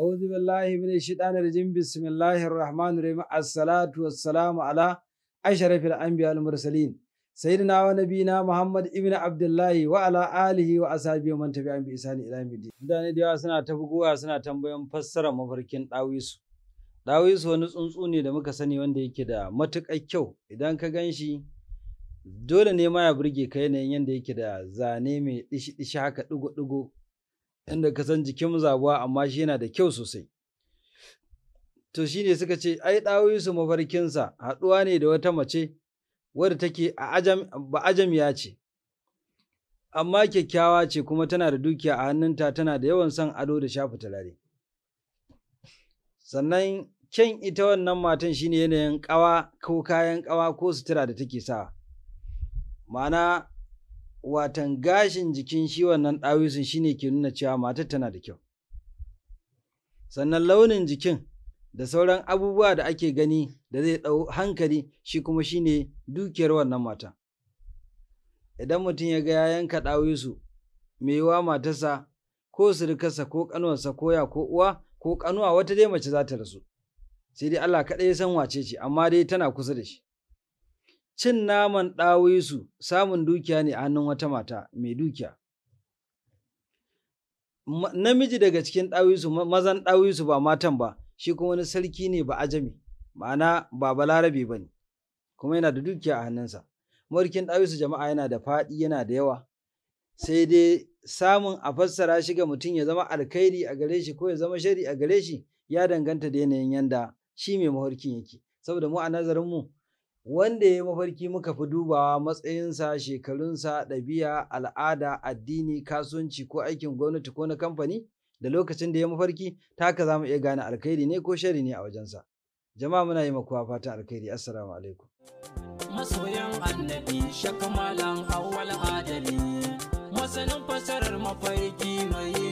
أعوذ بالله من الشيطان الرجيم بسم الله الرحمن الرحيم الصلاة والسلام على أشرف الأنبياء المرسلين سيدنا suna ta buguwa suna tambayan fassara mafarkin ɗawisu ɗawisu wani tsuntsu ne da muka sani wanda yake da matuƙar kyau idan ka gan shi dole ne ma ya burge ka yanayin yadda yake da zane mai ɗishi-ɗishi haka ɗigo-ɗigo inda ka san jikin zabuwa amma shi yana da kyau sosai to shi ne suka ce ai ɗawoyi su mafarkinsa haɗuwa ne da wata mace wadda take a ba ajamiya ce amma kyakkyawa ce kuma tana da dukiya a hannunta tana da yawan son ado da shafa turare sannan kyan ita wannan matan shi ne yanayin ƙawa ko kayan ƙawa ko sutura da take sawa ma'ana watan gashin jikin shi wannan ɗawisun shine ke nuna cewa matar tana da kyau sannan launin jikin da sauran abubuwa da ake gani da zai ɗau hankali shi kuma shine dukiyar wannan mata idan mutum ya ga ya yanka ɗawisu mai yiwa matarsa ko surukarsa ko ƙanuwarsa ko ya ko uwa ko ƙanuwa wata dai mace za ta rasu sai dai Allah kaɗai ya san wace ce amma dai tana kusa da shi cin naman ɗawisu samun dukiya ne a hannun wata mata mai dukiya. Namiji daga cikin ɗawisu, mazan ɗawisu ba matan ba, shi kuma wani sarki ne ba ajami, ma'ana ba balarabe ba ne, kuma yana da dukiya a hannunsa. Mulkin ɗawisu jama'a yana da faɗi yana da yawa, sai dai samun a fassara shi ga mutum ya zama alkhairi a gare shi ko ya zama shari a gare shi ya danganta da yanayin yanda shi mai mawarkin yake. Saboda mu a nazarin mu. wanda ya mafarki muka fi dubawa matsayinsa shekarunsa ɗabi'a al'ada addini kasuwanci ko aikin gwamnati ko na kamfani da lokacin da ya mafarki ta ka za mu iya gane alkhairi ne ko shari ne a wajensa jama'a muna yi makuwa fatan alkhairi assalamu alaikum masoyan annabi shakamalan awwal adali masanin fasarar mafarki mai